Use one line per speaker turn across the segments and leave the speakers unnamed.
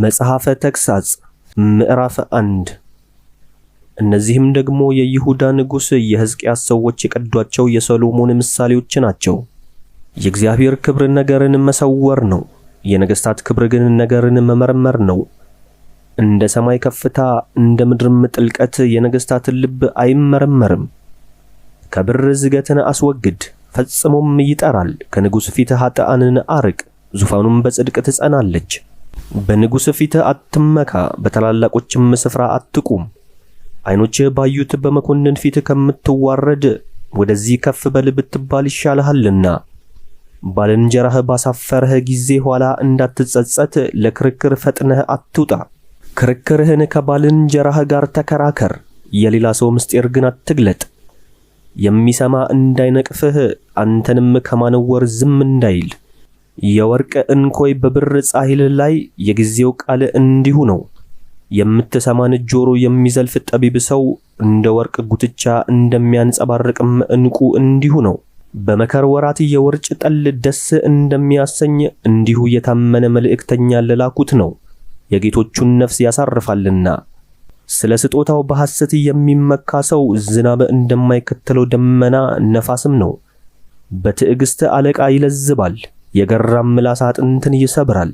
መጽሐፈ ተግሳጽ ምዕራፍ አንድ እነዚህም ደግሞ የይሁዳ ንጉሥ የሕዝቅያስ ሰዎች የቀዷቸው የሰሎሞን ምሳሌዎች ናቸው። የእግዚአብሔር ክብር ነገርን መሰወር ነው፣ የነገሥታት ክብር ግን ነገርን መመርመር ነው። እንደ ሰማይ ከፍታ እንደ ምድርም ጥልቀት የነገሥታትን ልብ አይመረመርም። ከብር ዝገትን አስወግድ፣ ፈጽሞም ይጠራል። ከንጉሥ ፊት ኃጥአንን አርቅ፣ ዙፋኑም በጽድቅ ትጸናለች። በንጉሥ ፊት አትመካ፣ በታላላቆችም ስፍራ አትቁም። ዓይኖችህ ባዩት በመኮንን ፊት ከምትዋረድ ወደዚህ ከፍ በል ብትባል ይሻልሃልና። ባልንጀራህ ባሳፈረህ ጊዜ ኋላ እንዳትጸጸት ለክርክር ፈጥነህ አትውጣ። ክርክርህን ከባልንጀራህ ጋር ተከራከር፣ የሌላ ሰው ምስጢር ግን አትግለጥ። የሚሰማ እንዳይነቅፍህ አንተንም ከማነወር ዝም እንዳይል የወርቅ እንኮይ በብር ጻሂል ላይ የጊዜው ቃል እንዲሁ ነው። የምትሰማን ጆሮ የሚዘልፍ ጠቢብ ሰው እንደ ወርቅ ጉትቻ እንደሚያንጸባርቅም እንቁ እንዲሁ ነው። በመከር ወራት የውርጭ ጠል ደስ እንደሚያሰኝ እንዲሁ የታመነ መልእክተኛ ለላኩት ነው። የጌቶቹን ነፍስ ያሳርፋልና። ስለ ስጦታው በሐሰት የሚመካ ሰው ዝናብ እንደማይከተለው ደመና ነፋስም ነው። በትዕግሥት አለቃ ይለዝባል። የገራም ምላስ አጥንትን ይሰብራል።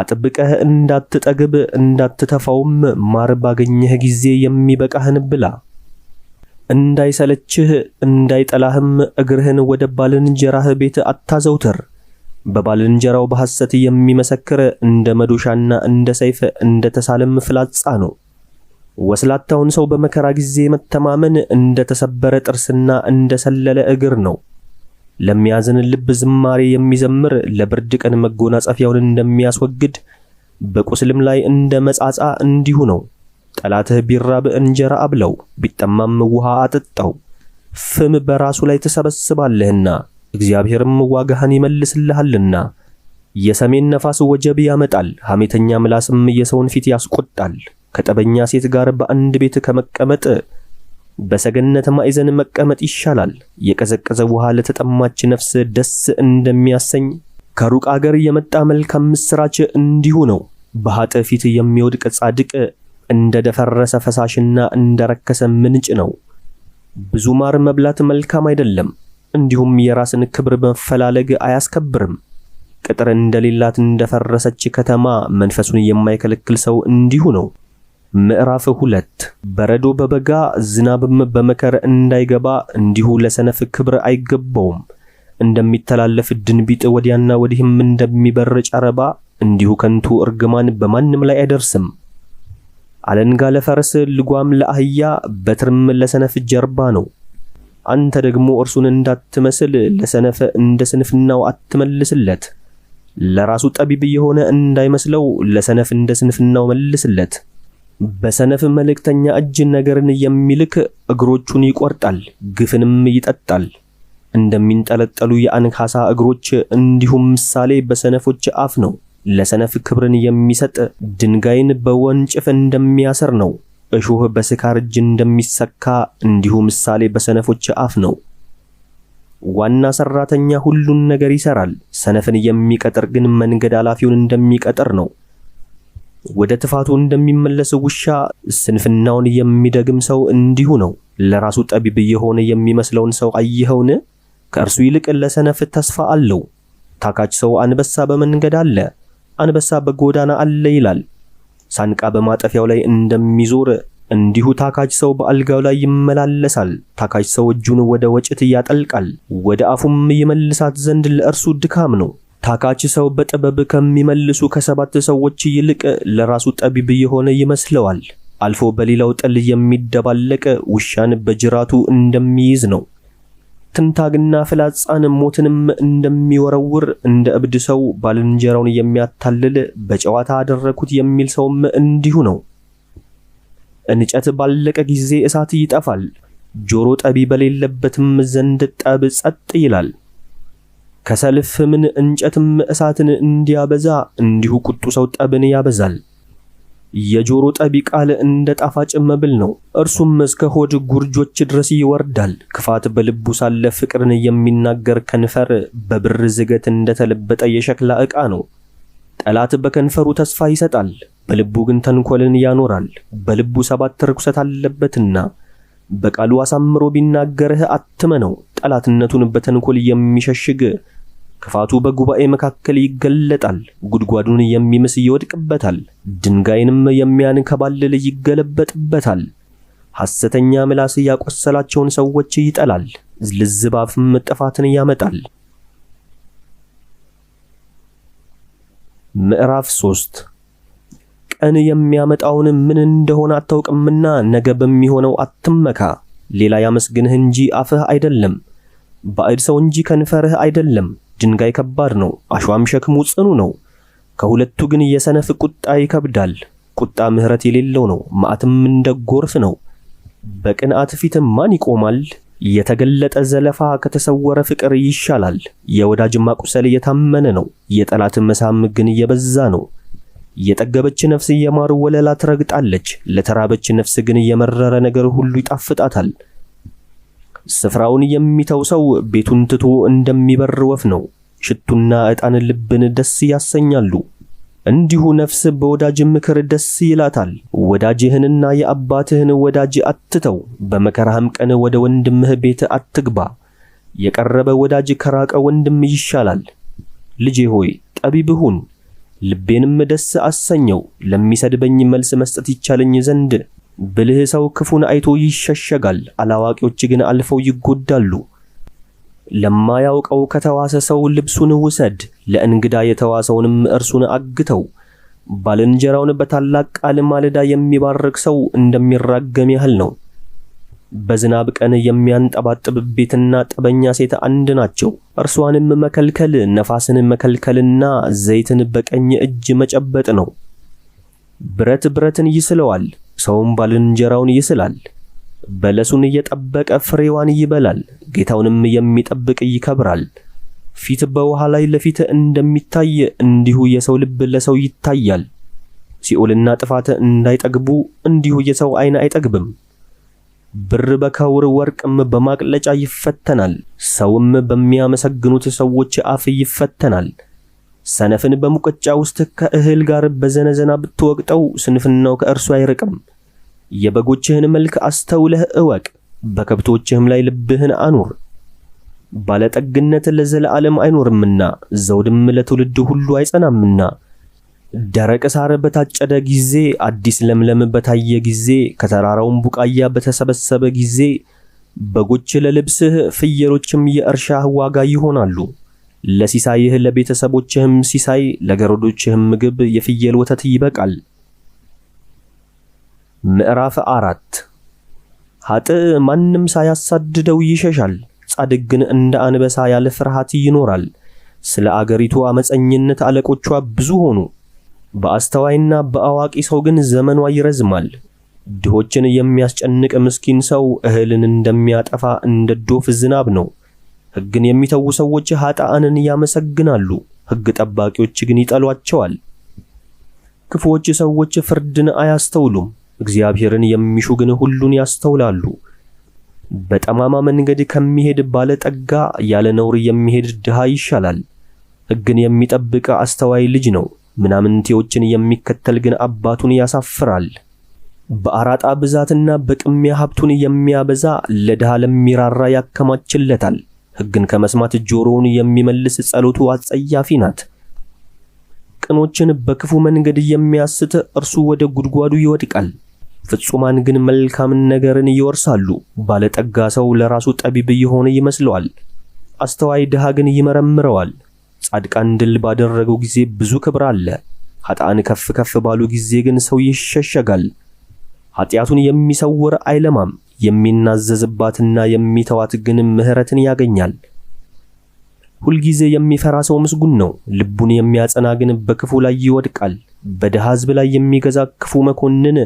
አጥብቀህ እንዳትጠግብ እንዳትተፋውም ማር ባገኘህ ጊዜ የሚበቃህን ብላ። እንዳይሰለችህ እንዳይጠላህም እግርህን ወደ ባልንጀራህ ቤት አታዘውትር። በባልንጀራው በሐሰት የሚመሰክር እንደ መዶሻና እንደ ሰይፍ እንደ ተሳለም ፍላጻ ነው። ወስላታውን ሰው በመከራ ጊዜ መተማመን እንደ ተሰበረ ጥርስና እንደ ሰለለ እግር ነው። ለሚያዝን ልብ ዝማሬ የሚዘምር ለብርድ ቀን መጎናጸፊያውን እንደሚያስወግድ በቁስልም ላይ እንደ መጻጻ እንዲሁ ነው። ጠላትህ ቢራብ እንጀራ አብለው፣ ቢጠማም ውሃ አጠጣው። ፍም በራሱ ላይ ትሰበስባለህና እግዚአብሔርም ዋጋህን ይመልስልሃልና። የሰሜን ነፋስ ወጀብ ያመጣል፣ ሐሜተኛ ምላስም የሰውን ፊት ያስቆጣል። ከጠበኛ ሴት ጋር በአንድ ቤት ከመቀመጥ በሰገነት ማዕዘን መቀመጥ ይሻላል። የቀዘቀዘ ውሃ ለተጠማች ነፍስ ደስ እንደሚያሰኝ ከሩቅ አገር የመጣ መልካም ምስራች እንዲሁ ነው። በኃጥእ ፊት የሚወድቅ ጻድቅ እንደ ደፈረሰ ፈሳሽና እንደ ረከሰ ምንጭ ነው። ብዙ ማር መብላት መልካም አይደለም፣ እንዲሁም የራስን ክብር መፈላለግ አያስከብርም። ቅጥር እንደሌላት እንደፈረሰች ከተማ መንፈሱን የማይከለክል ሰው እንዲሁ ነው። ምዕራፍ ሁለት በረዶ በበጋ ዝናብም በመከር እንዳይገባ እንዲሁ ለሰነፍ ክብር አይገባውም። እንደሚተላለፍ ድንቢጥ ወዲያና ወዲህም እንደሚበር ጨረባ እንዲሁ ከንቱ እርግማን በማንም ላይ አይደርስም። አለንጋ ለፈረስ ልጓም ለአህያ በትርም ለሰነፍ ጀርባ ነው። አንተ ደግሞ እርሱን እንዳትመስል ለሰነፍ እንደ ስንፍናው አትመልስለት። ለራሱ ጠቢብ የሆነ እንዳይመስለው ለሰነፍ እንደ ስንፍናው መልስለት። በሰነፍ መልእክተኛ እጅ ነገርን የሚልክ እግሮቹን ይቆርጣል፣ ግፍንም ይጠጣል። እንደሚንጠለጠሉ የአንካሳ እግሮች እንዲሁም ምሳሌ በሰነፎች አፍ ነው። ለሰነፍ ክብርን የሚሰጥ ድንጋይን በወንጭፍ እንደሚያሰር ነው። እሾህ በስካር እጅ እንደሚሰካ እንዲሁ ምሳሌ በሰነፎች አፍ ነው። ዋና ሰራተኛ ሁሉን ነገር ይሰራል፣ ሰነፍን የሚቀጥር ግን መንገድ አላፊውን እንደሚቀጥር ነው። ወደ ትፋቱ እንደሚመለስ ውሻ ስንፍናውን የሚደግም ሰው እንዲሁ ነው። ለራሱ ጠቢብ የሆነ የሚመስለውን ሰው አየኸውን? ከእርሱ ይልቅ ለሰነፍ ተስፋ አለው። ታካች ሰው አንበሳ በመንገድ አለ፣ አንበሳ በጎዳና አለ ይላል። ሳንቃ በማጠፊያው ላይ እንደሚዞር እንዲሁ ታካች ሰው በአልጋው ላይ ይመላለሳል። ታካች ሰው እጁን ወደ ወጭት ያጠልቃል፣ ወደ አፉም ይመልሳት ዘንድ ለእርሱ ድካም ነው። ታካች ሰው በጥበብ ከሚመልሱ ከሰባት ሰዎች ይልቅ ለራሱ ጠቢብ የሆነ ይመስለዋል። አልፎ በሌላው ጥል የሚደባለቅ ውሻን በጅራቱ እንደሚይዝ ነው። ትንታግና ፍላጻን ሞትንም እንደሚወረውር እንደ እብድ ሰው ባልንጀራውን የሚያታልል በጨዋታ አደረኩት የሚል ሰውም እንዲሁ ነው። እንጨት ባለቀ ጊዜ እሳት ይጠፋል፣ ጆሮ ጠቢ በሌለበትም ዘንድ ጠብ ጸጥ ይላል። ከሰልፍ ምን እንጨትም እሳትን እንዲያበዛ እንዲሁ ቁጡ ሰው ጠብን ያበዛል። የጆሮ ጠቢ ቃል እንደ ጣፋጭ መብል ነው፣ እርሱም እስከ ሆድ ጉርጆች ድረስ ይወርዳል። ክፋት በልቡ ሳለ ፍቅርን የሚናገር ከንፈር በብር ዝገት እንደተለበጠ የሸክላ ዕቃ ነው። ጠላት በከንፈሩ ተስፋ ይሰጣል፣ በልቡ ግን ተንኮልን ያኖራል። በልቡ ሰባት ርኩሰት አለበትና በቃሉ አሳምሮ ቢናገርህ አትመነው። ጠላትነቱን በተንኮል የሚሸሽግ ክፋቱ በጉባኤ መካከል ይገለጣል። ጉድጓዱን የሚምስ ይወድቅበታል፣ ድንጋይንም የሚያንከባልል ይገለበጥበታል። ሐሰተኛ ምላስ ያቆሰላቸውን ሰዎች ይጠላል፣ ልዝባፍም ጥፋትን ያመጣል። ምዕራፍ 3 ቀን የሚያመጣውን ምን እንደሆነ አታውቅምና ነገ በሚሆነው አትመካ። ሌላ ያመስግንህ እንጂ አፍህ አይደለም፣ ባዕድ ሰው እንጂ ከንፈርህ አይደለም። ድንጋይ ከባድ ነው፣ አሸዋም ሸክሙ ጽኑ ነው። ከሁለቱ ግን የሰነፍ ቁጣ ይከብዳል። ቁጣ ምሕረት የሌለው ነው፣ መዓትም እንደ ጎርፍ ነው። በቅንዓት ፊትም ማን ይቆማል? የተገለጠ ዘለፋ ከተሰወረ ፍቅር ይሻላል። የወዳጅ ማቁሰል የታመነ ነው፣ የጠላት መሳም ግን የበዛ ነው። የጠገበች ነፍስ የማር ወለላ ትረግጣለች፣ ለተራበች ነፍስ ግን የመረረ ነገር ሁሉ ይጣፍጣታል። ስፍራውን የሚተው ሰው ቤቱን ትቶ እንደሚበር ወፍ ነው። ሽቱና ዕጣን ልብን ደስ ያሰኛሉ። እንዲሁ ነፍስ በወዳጅ ምክር ደስ ይላታል። ወዳጅህንና የአባትህን ወዳጅ አትተው፣ በመከራህም ቀን ወደ ወንድምህ ቤት አትግባ። የቀረበ ወዳጅ ከራቀ ወንድም ይሻላል። ልጄ ሆይ ጠቢብ ሁን፣ ልቤንም ደስ አሰኘው፣ ለሚሰድበኝ መልስ መስጠት ይቻለኝ ዘንድ ብልህ ሰው ክፉን አይቶ ይሸሸጋል፣ አላዋቂዎች ግን አልፈው ይጎዳሉ። ለማያውቀው ከተዋሰ ሰው ልብሱን ውሰድ፣ ለእንግዳ የተዋሰውንም እርሱን አግተው። ባልንጀራውን በታላቅ ቃል ማለዳ የሚባርክ ሰው እንደሚራገም ያህል ነው። በዝናብ ቀን የሚያንጠባጥብ ቤትና ጠበኛ ሴት አንድ ናቸው። እርሷንም መከልከል ነፋስን መከልከልና ዘይትን በቀኝ እጅ መጨበጥ ነው። ብረት ብረትን ይስለዋል፣ ሰውም ባልንጀራውን ይስላል፣ በለሱን እየጠበቀ ፍሬዋን ይበላል፣ ጌታውንም የሚጠብቅ ይከብራል። ፊት በውሃ ላይ ለፊት እንደሚታይ እንዲሁ የሰው ልብ ለሰው ይታያል። ሲኦልና ጥፋት እንዳይጠግቡ እንዲሁ የሰው ዓይን አይጠግብም። ብር በከውር ወርቅም በማቅለጫ ይፈተናል፣ ሰውም በሚያመሰግኑት ሰዎች አፍ ይፈተናል። ሰነፍን በሙቀጫ ውስጥ ከእህል ጋር በዘነዘና ብትወቅጠው ስንፍናው ከእርሱ አይርቅም። የበጎችህን መልክ አስተውለህ እወቅ፣ በከብቶችህም ላይ ልብህን አኑር። ባለጠግነት ለዘለዓለም አይኖርምና ዘውድም ለትውልድ ሁሉ አይጸናምና። ደረቅ ሳር በታጨደ ጊዜ፣ አዲስ ለምለም በታየ ጊዜ፣ ከተራራውም ቡቃያ በተሰበሰበ ጊዜ በጎች ለልብስህ፣ ፍየሎችም የእርሻህ ዋጋ ይሆናሉ። ለሲሳይህ ለቤተሰቦችህም ሲሳይ ለገረዶችህም ምግብ የፍየል ወተት ይበቃል። ምዕራፍ አራት ኃጥ ማንም ሳያሳድደው ይሸሻል፣ ጻድቅ ግን እንደ አንበሳ ያለ ፍርሃት ይኖራል። ስለ አገሪቱ አመፀኝነት አለቆቿ ብዙ ሆኑ፣ በአስተዋይና በአዋቂ ሰው ግን ዘመኗ ይረዝማል። ድሆችን የሚያስጨንቅ ምስኪን ሰው እህልን እንደሚያጠፋ እንደ ዶፍ ዝናብ ነው። ሕግን የሚተዉ ሰዎች ኃጣአንን ያመሰግናሉ፣ ሕግ ጠባቂዎች ግን ይጠሏቸዋል። ክፉዎች ሰዎች ፍርድን አያስተውሉም፣ እግዚአብሔርን የሚሹ ግን ሁሉን ያስተውላሉ። በጠማማ መንገድ ከሚሄድ ባለጠጋ ያለ ነውር የሚሄድ ድሃ ይሻላል። ሕግን የሚጠብቅ አስተዋይ ልጅ ነው፣ ምናምንቴዎችን የሚከተል ግን አባቱን ያሳፍራል። በአራጣ ብዛትና በቅሚያ ሀብቱን የሚያበዛ ለድሃ ለሚራራ ያከማችለታል። ሕግን ከመስማት ጆሮውን የሚመልስ ጸሎቱ አጸያፊ ናት። ቅኖችን በክፉ መንገድ የሚያስት እርሱ ወደ ጉድጓዱ ይወድቃል። ፍጹማን ግን መልካምን ነገርን ይወርሳሉ። ባለጠጋ ሰው ለራሱ ጠቢብ የሆነ ይመስለዋል፣ አስተዋይ ድሃ ግን ይመረምረዋል። ጻድቃን ድል ባደረገው ጊዜ ብዙ ክብር አለ፣ ኃጣን ከፍ ከፍ ባሉ ጊዜ ግን ሰው ይሸሸጋል። ኃጢአቱን የሚሰውር አይለማም፣ የሚናዘዝባትና የሚተዋት ግን ምሕረትን ያገኛል። ሁልጊዜ የሚፈራ ሰው ምስጉን ነው፣ ልቡን የሚያጸና ግን በክፉ ላይ ይወድቃል። በድሃ ሕዝብ ላይ የሚገዛ ክፉ መኮንን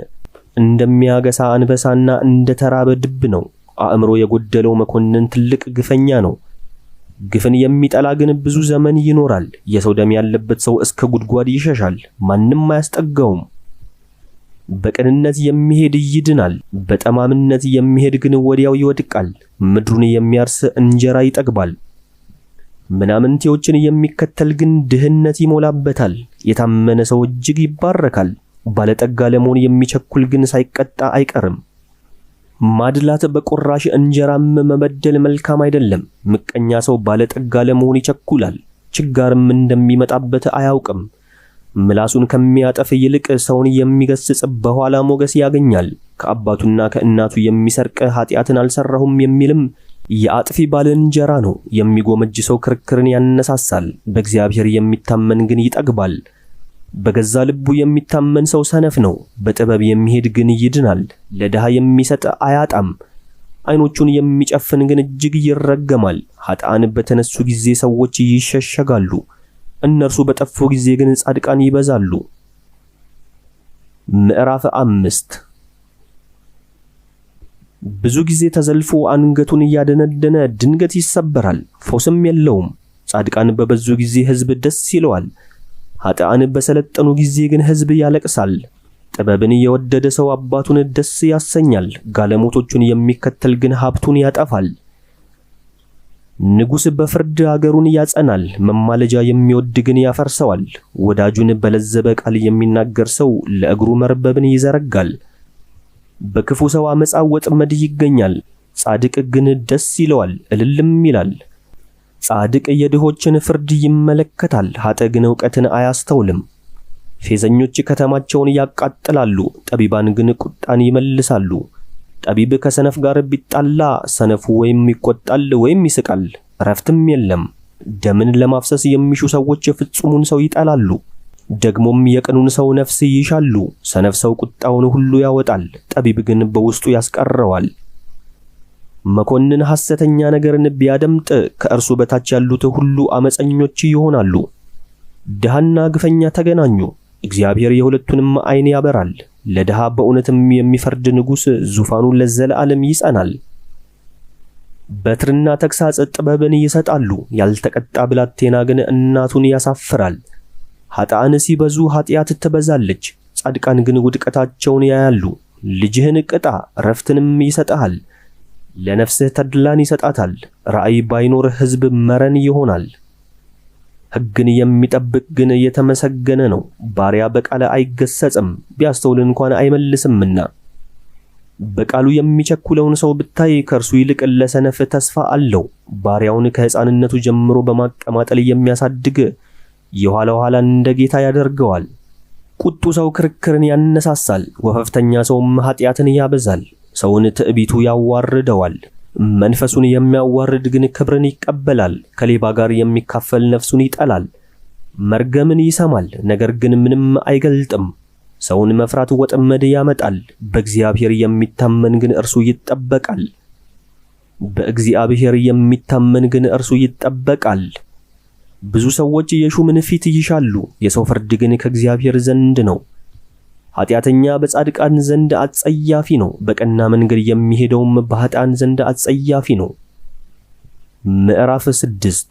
እንደሚያገሳ አንበሳና እንደ ተራበ ድብ ነው። አእምሮ የጎደለው መኮንን ትልቅ ግፈኛ ነው። ግፍን የሚጠላ ግን ብዙ ዘመን ይኖራል። የሰው ደም ያለበት ሰው እስከ ጉድጓድ ይሸሻል፣ ማንም አያስጠጋውም። በቅንነት የሚሄድ ይድናል፣ በጠማምነት የሚሄድ ግን ወዲያው ይወድቃል። ምድሩን የሚያርስ እንጀራ ይጠግባል፣ ምናምንቴዎችን የሚከተል ግን ድህነት ይሞላበታል። የታመነ ሰው እጅግ ይባረካል፣ ባለጠጋ ለመሆን የሚቸኩል ግን ሳይቀጣ አይቀርም። ማድላት በቁራሽ እንጀራም መበደል መልካም አይደለም። ምቀኛ ሰው ባለጠጋ ለመሆን ይቸኩላል፣ ችጋርም እንደሚመጣበት አያውቅም። ምላሱን ከሚያጠፍ ይልቅ ሰውን የሚገስጽ በኋላ ሞገስ ያገኛል። ከአባቱና ከእናቱ የሚሰርቅ ኃጢአትን አልሰራሁም የሚልም የአጥፊ ባልንጀራ ነው። የሚጎመጅ ሰው ክርክርን ያነሳሳል፣ በእግዚአብሔር የሚታመን ግን ይጠግባል። በገዛ ልቡ የሚታመን ሰው ሰነፍ ነው፣ በጥበብ የሚሄድ ግን ይድናል። ለድሃ የሚሰጥ አያጣም፣ ዓይኖቹን የሚጨፍን ግን እጅግ ይረገማል። ኃጥአን በተነሱ ጊዜ ሰዎች ይሸሸጋሉ። እነርሱ በጠፉ ጊዜ ግን ጻድቃን ይበዛሉ። ምዕራፍ አምስት ብዙ ጊዜ ተዘልፎ አንገቱን እያደነደነ ድንገት ይሰበራል፣ ፈውስም የለውም። ጻድቃን በበዙ ጊዜ ሕዝብ ደስ ይለዋል። ኃጥአን በሰለጠኑ ጊዜ ግን ሕዝብ ያለቅሳል። ጥበብን የወደደ ሰው አባቱን ደስ ያሰኛል፣ ጋለሞቶቹን የሚከተል ግን ሀብቱን ያጠፋል። ንጉሥ በፍርድ አገሩን ያጸናል፣ መማለጃ የሚወድ ግን ያፈርሰዋል። ወዳጁን በለዘበ ቃል የሚናገር ሰው ለእግሩ መርበብን ይዘረጋል። በክፉ ሰው አመፃ ወጥመድ ይገኛል፣ ጻድቅ ግን ደስ ይለዋል፣ እልልም ይላል። ጻድቅ የድሆችን ፍርድ ይመለከታል፣ ኃጥ ግን እውቀትን አያስተውልም። ፌዘኞች ከተማቸውን ያቃጥላሉ፣ ጠቢባን ግን ቁጣን ይመልሳሉ። ጠቢብ ከሰነፍ ጋር ቢጣላ ሰነፉ ወይም ይቆጣል ወይም ይስቃል፣ እረፍትም የለም። ደምን ለማፍሰስ የሚሹ ሰዎች የፍጹሙን ሰው ይጠላሉ፣ ደግሞም የቅኑን ሰው ነፍስ ይሻሉ። ሰነፍ ሰው ቁጣውን ሁሉ ያወጣል፣ ጠቢብ ግን በውስጡ ያስቀረዋል። መኮንን ሐሰተኛ ነገርን ቢያደምጥ ከእርሱ በታች ያሉት ሁሉ አመፀኞች ይሆናሉ። ድሃና ግፈኛ ተገናኙ፣ እግዚአብሔር የሁለቱንም አይን ያበራል። ለድሃ በእውነትም የሚፈርድ ንጉሥ ዙፋኑን ለዘለዓለም ይጸናል። በትርና ተግሣጽ ጥበብን ይሰጣሉ፣ ያልተቀጣ ብላቴና ግን እናቱን ያሳፍራል። ኃጥአን ሲበዙ ኃጢአት ትበዛለች፣ ጻድቃን ግን ውድቀታቸውን ያያሉ። ልጅህን ቅጣ እረፍትንም ይሰጥሃል፣ ለነፍስህ ተድላን ይሰጣታል። ራእይ ባይኖር ሕዝብ መረን ይሆናል። ሕግን የሚጠብቅ ግን የተመሰገነ ነው። ባሪያ በቃል አይገሰጽም፣ ቢያስተውል እንኳን አይመልስምና። በቃሉ የሚቸኩለውን ሰው ብታይ ከእርሱ ይልቅ ለሰነፍ ተስፋ አለው። ባሪያውን ከሕፃንነቱ ጀምሮ በማቀማጠል የሚያሳድግ የኋላ ኋላ እንደ ጌታ ያደርገዋል። ቁጡ ሰው ክርክርን ያነሳሳል፣ ወፈፍተኛ ሰውም ኃጢአትን ያበዛል። ሰውን ትዕቢቱ ያዋርደዋል። መንፈሱን የሚያዋርድ ግን ክብርን ይቀበላል። ከሌባ ጋር የሚካፈል ነፍሱን ይጠላል። መርገምን ይሰማል፣ ነገር ግን ምንም አይገልጥም። ሰውን መፍራት ወጥመድ ያመጣል፣ በእግዚአብሔር የሚታመን ግን እርሱ ይጠበቃል። በእግዚአብሔር የሚታመን ግን እርሱ ይጠበቃል። ብዙ ሰዎች የሹምን ፊት ይሻሉ፣ የሰው ፍርድ ግን ከእግዚአብሔር ዘንድ ነው። ኃጢአተኛ በጻድቃን ዘንድ አጸያፊ ነው፣ በቀና መንገድ የሚሄደውም በኃጣን ዘንድ አጸያፊ ነው። ምዕራፍ ስድስት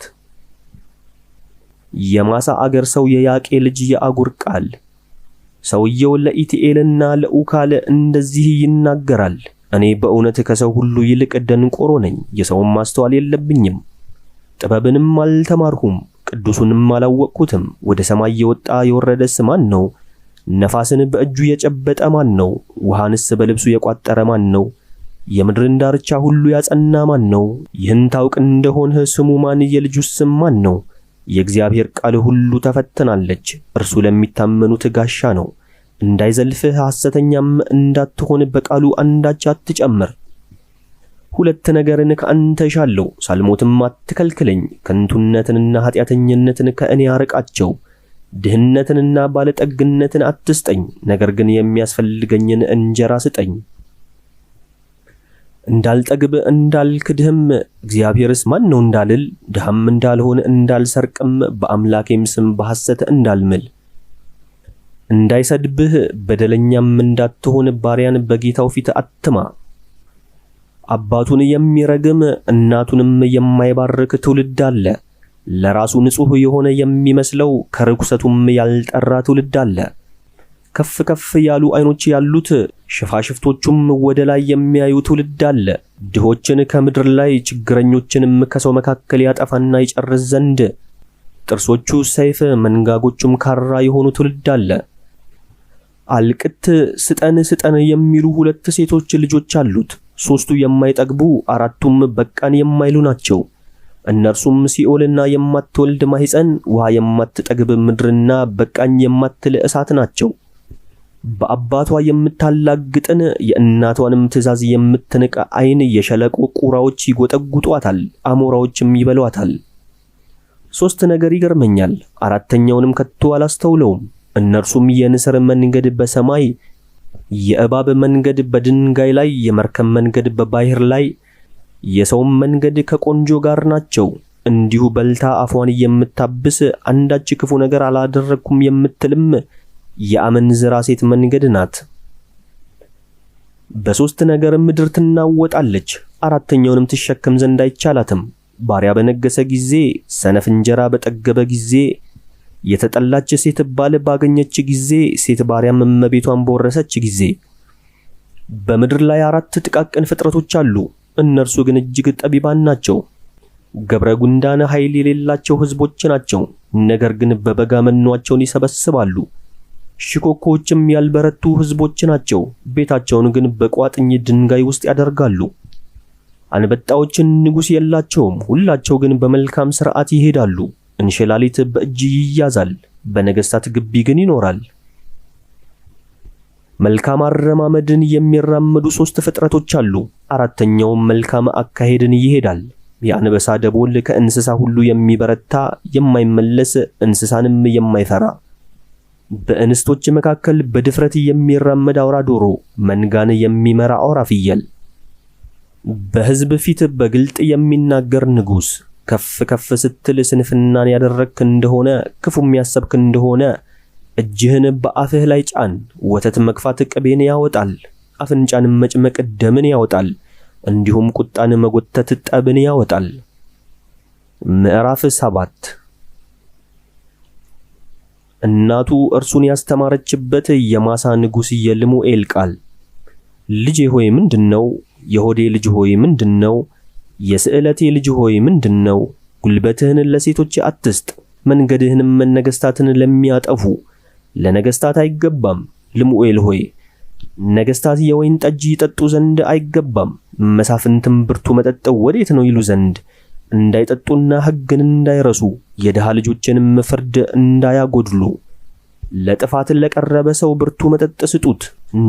የማሳ አገር ሰው የያቄ ልጅ የአጉር ቃል ሰውየው ለኢቲኤልና ለኡካል እንደዚህ ይናገራል። እኔ በእውነት ከሰው ሁሉ ይልቅ ደንቆሮ ነኝ፣ የሰውን ማስተዋል የለብኝም። ጥበብንም አልተማርሁም፣ ቅዱሱንም አላወቅኩትም። ወደ ሰማይ የወጣ የወረደስ ማን ነው? ነፋስን በእጁ የጨበጠ ማን ነው? ውሃንስ በልብሱ የቋጠረ ማን ነው? የምድርን ዳርቻ ሁሉ ያጸና ማን ነው? ይህን ታውቅ እንደሆንህ ስሙ ማን? የልጁ ስም ማን ነው? የእግዚአብሔር ቃል ሁሉ ተፈትናለች። እርሱ ለሚታመኑት ጋሻ ነው። እንዳይዘልፍህ ሐሰተኛም እንዳትሆን በቃሉ አንዳች አትጨምር። ሁለት ነገርን ከአንተ እሻለሁ፣ ሳልሞትም አትከልክለኝ። ከንቱነትንና ኃጢአተኝነትን ከእኔ አርቃቸው። ድህነትንና ባለጠግነትን አትስጠኝ፣ ነገር ግን የሚያስፈልገኝን እንጀራ ስጠኝ። እንዳልጠግብ እንዳልክድህም፣ እግዚአብሔርስ ማን ነው እንዳልል፣ ድሃም እንዳልሆን እንዳልሰርቅም፣ በአምላኬም ስም በሐሰት እንዳልምል፣ እንዳይሰድብህ በደለኛም እንዳትሆን ባሪያን በጌታው ፊት አትማ። አባቱን የሚረግም እናቱንም የማይባርክ ትውልድ አለ። ለራሱ ንጹሕ የሆነ የሚመስለው ከርኩሰቱም ያልጠራ ትውልድ አለ። ከፍ ከፍ ያሉ አይኖች ያሉት ሽፋሽፍቶቹም ወደ ላይ የሚያዩ ትውልድ አለ። ድሆችን ከምድር ላይ ችግረኞችንም ከሰው መካከል ያጠፋና ይጨርስ ዘንድ ጥርሶቹ ሰይፍ መንጋጎቹም ካራ የሆኑ ትውልድ አለ። አልቅት ስጠን ስጠን የሚሉ ሁለት ሴቶች ልጆች አሉት። ሦስቱ የማይጠግቡ አራቱም በቃን የማይሉ ናቸው። እነርሱም ሲኦልና የማትወልድ ማህፀን፣ ውሃ የማትጠግብ ምድርና በቃኝ የማትል እሳት ናቸው። በአባቷ የምታላግጥን የእናቷንም ትእዛዝ የምትንቅ አይን የሸለቆ ቁራዎች ይጎጠጉጧታል፣ አሞራዎችም ይበሏታል። ሶስት ነገር ይገርመኛል፣ አራተኛውንም ከቶ አላስተውለውም። እነርሱም የንስር መንገድ በሰማይ፣ የእባብ መንገድ በድንጋይ ላይ፣ የመርከብ መንገድ በባህር ላይ የሰውም መንገድ ከቆንጆ ጋር ናቸው። እንዲሁ በልታ አፏን የምታብስ አንዳች ክፉ ነገር አላደረግኩም የምትልም የአመንዝራ ሴት መንገድ ናት። በሶስት ነገር ምድር ትናወጣለች፣ አራተኛውንም ትሸከም ዘንድ አይቻላትም። ባሪያ በነገሰ ጊዜ፣ ሰነፍ እንጀራ በጠገበ ጊዜ፣ የተጠላች ሴት ባል ባገኘች ጊዜ፣ ሴት ባሪያም እመቤቷን በወረሰች ጊዜ። በምድር ላይ አራት ጥቃቅን ፍጥረቶች አሉ። እነርሱ ግን እጅግ ጠቢባን ናቸው። ገብረ ጉንዳን ኃይል የሌላቸው ህዝቦች ናቸው። ነገር ግን በበጋ መኗቸውን ይሰበስባሉ። ሽኮኮዎችም ያልበረቱ ህዝቦች ናቸው። ቤታቸውን ግን በቋጥኝ ድንጋይ ውስጥ ያደርጋሉ። አንበጣዎችን ንጉሥ የላቸውም። ሁላቸው ግን በመልካም ሥርዓት ይሄዳሉ። እንሽላሊት በእጅ ይያዛል፣ በነገሥታት ግቢ ግን ይኖራል። መልካም አረማመድን የሚራመዱ ሶስት ፍጥረቶች አሉ። አራተኛውም መልካም አካሄድን ይሄዳል። የአንበሳ ደቦል ከእንስሳ ሁሉ የሚበረታ የማይመለስ እንስሳንም የማይፈራ በእንስቶች መካከል በድፍረት የሚራመድ አውራ ዶሮ፣ መንጋን የሚመራ አውራ ፍየል፣ በሕዝብ ፊት በግልጥ የሚናገር ንጉሥ፣ ከፍ ከፍ ስትል ስንፍናን ያደረግክ እንደሆነ ክፉም ያሰብክ እንደሆነ እጅህን በአፍህ ላይ ጫን። ወተት መግፋት ቅቤን ያወጣል፣ አፍንጫንም መጭመቅ ደምን ያወጣል፣ እንዲሁም ቁጣን መጎተት ጠብን ያወጣል። ምዕራፍ ሰባት እናቱ እርሱን ያስተማረችበት የማሳ ንጉሥ የልሙኤል ቃል። ልጄ ሆይ ምንድነው? የሆዴ ልጅ ሆይ ምንድነው? የስዕለቴ ልጅ ሆይ ምንድነው? ጉልበትህን ለሴቶች አትስጥ፣ መንገድህንም ነገሥታትን ለሚያጠፉ ለነገስታት አይገባም። ልሙኤል ሆይ ነገስታት የወይን ጠጅ ይጠጡ ዘንድ አይገባም፣ መሳፍንትም ብርቱ መጠጥ ወዴት ነው ይሉ ዘንድ እንዳይጠጡና ሕግን እንዳይረሱ የድሃ ልጆችንም ፍርድ እንዳያጎድሉ ለጥፋት ለቀረበ ሰው ብርቱ መጠጥ ስጡት፣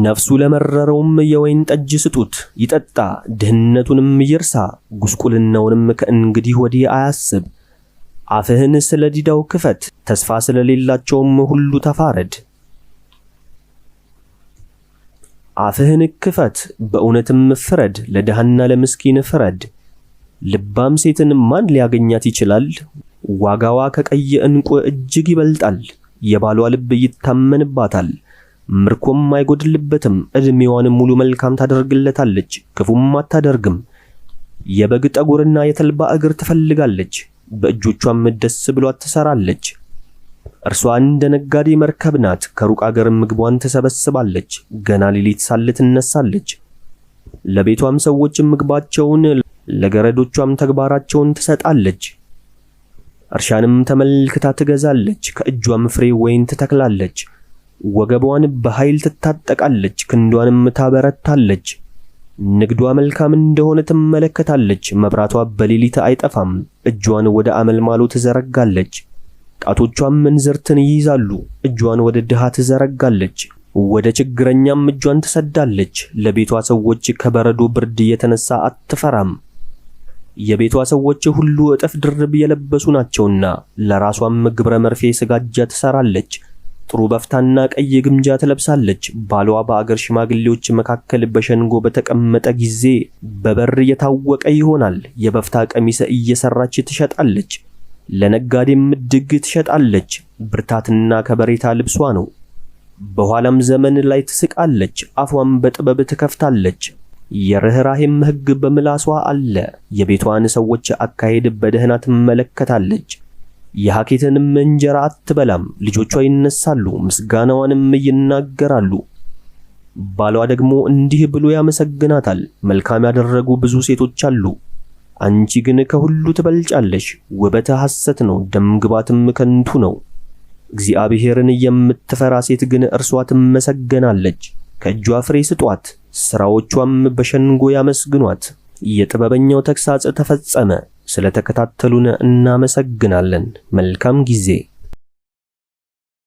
ነፍሱ ለመረረውም የወይን ጠጅ ስጡት። ይጠጣ፣ ድህነቱንም ይርሳ፣ ጉስቁልናውንም ከእንግዲህ ወዲህ አያስብ። አፍህን ስለ ዲዳው ክፈት፣ ተስፋ ስለሌላቸውም ሁሉ ተፋረድ። አፍህን ክፈት፣ በእውነትም ፍረድ፣ ለድሃና ለምስኪን ፍረድ። ልባም ሴትን ማን ሊያገኛት ይችላል? ዋጋዋ ከቀይ ዕንቁ እጅግ ይበልጣል። የባሏ ልብ ይታመንባታል፣ ምርኮም አይጎድልበትም። ዕድሜዋንም ሙሉ መልካም ታደርግለታለች፣ ክፉም አታደርግም። የበግ ጠጉርና የተልባ እግር ትፈልጋለች። በእጆቿም ደስ ብሏት ትሰራለች። እርሷ እንደ ነጋዴ መርከብ ናት። ከሩቅ አገር ምግቧን ትሰበስባለች። ገና ሌሊት ሳለ ትነሳለች። ለቤቷም ሰዎች ምግባቸውን፣ ለገረዶቿም ተግባራቸውን ትሰጣለች። እርሻንም ተመልክታ ትገዛለች። ከእጇም ፍሬ ወይን ትተክላለች። ወገቧን በኃይል ትታጠቃለች፣ ክንዷንም ታበረታለች። ንግዷ መልካም እንደሆነ ትመለከታለች። መብራቷ በሌሊት አይጠፋም። እጇን ወደ አመልማሎ ትዘረጋለች። ጣቶቿም እንዝርትን ይይዛሉ። እጇን ወደ ድሃ ትዘረጋለች። ወደ ችግረኛም እጇን ትሰዳለች። ለቤቷ ሰዎች ከበረዶ ብርድ የተነሳ አትፈራም። የቤቷ ሰዎች ሁሉ እጥፍ ድርብ የለበሱ ናቸውና ለራሷም ግብረ መርፌ ስጋጃ ትሰራለች። ጥሩ በፍታና ቀይ ግምጃ ትለብሳለች። ባሏ በአገር ሽማግሌዎች መካከል በሸንጎ በተቀመጠ ጊዜ በበር የታወቀ ይሆናል። የበፍታ ቀሚስ እየሰራች ትሸጣለች። ለነጋዴም ምድግ ትሸጣለች። ብርታትና ከበሬታ ልብሷ ነው። በኋላም ዘመን ላይ ትስቃለች። አፏን በጥበብ ትከፍታለች። የርኅራሄም ሕግ በምላሷ አለ። የቤቷን ሰዎች አካሄድ በደህና ትመለከታለች። የሐኬትንም እንጀራ አትበላም፣ ልጆቿ ይነሳሉ፣ ምስጋናዋንም ይናገራሉ። ባሏ ደግሞ እንዲህ ብሎ ያመሰግናታል፣ መልካም ያደረጉ ብዙ ሴቶች አሉ። አንቺ ግን ከሁሉ ትበልጫለሽ፣ ውበት ሐሰት ነው፣ ደምግባትም ከንቱ ነው። እግዚአብሔርን የምትፈራ ሴት ግን እርሷ ትመሰገናለች። ከእጇ ፍሬ ስጧት፣ ሥራዎቿም በሸንጎ ያመስግኗት። የጥበበኛው ተክሳጽ ተፈጸመ። ስለተከታተሉን እናመሰግናለን። መልካም ጊዜ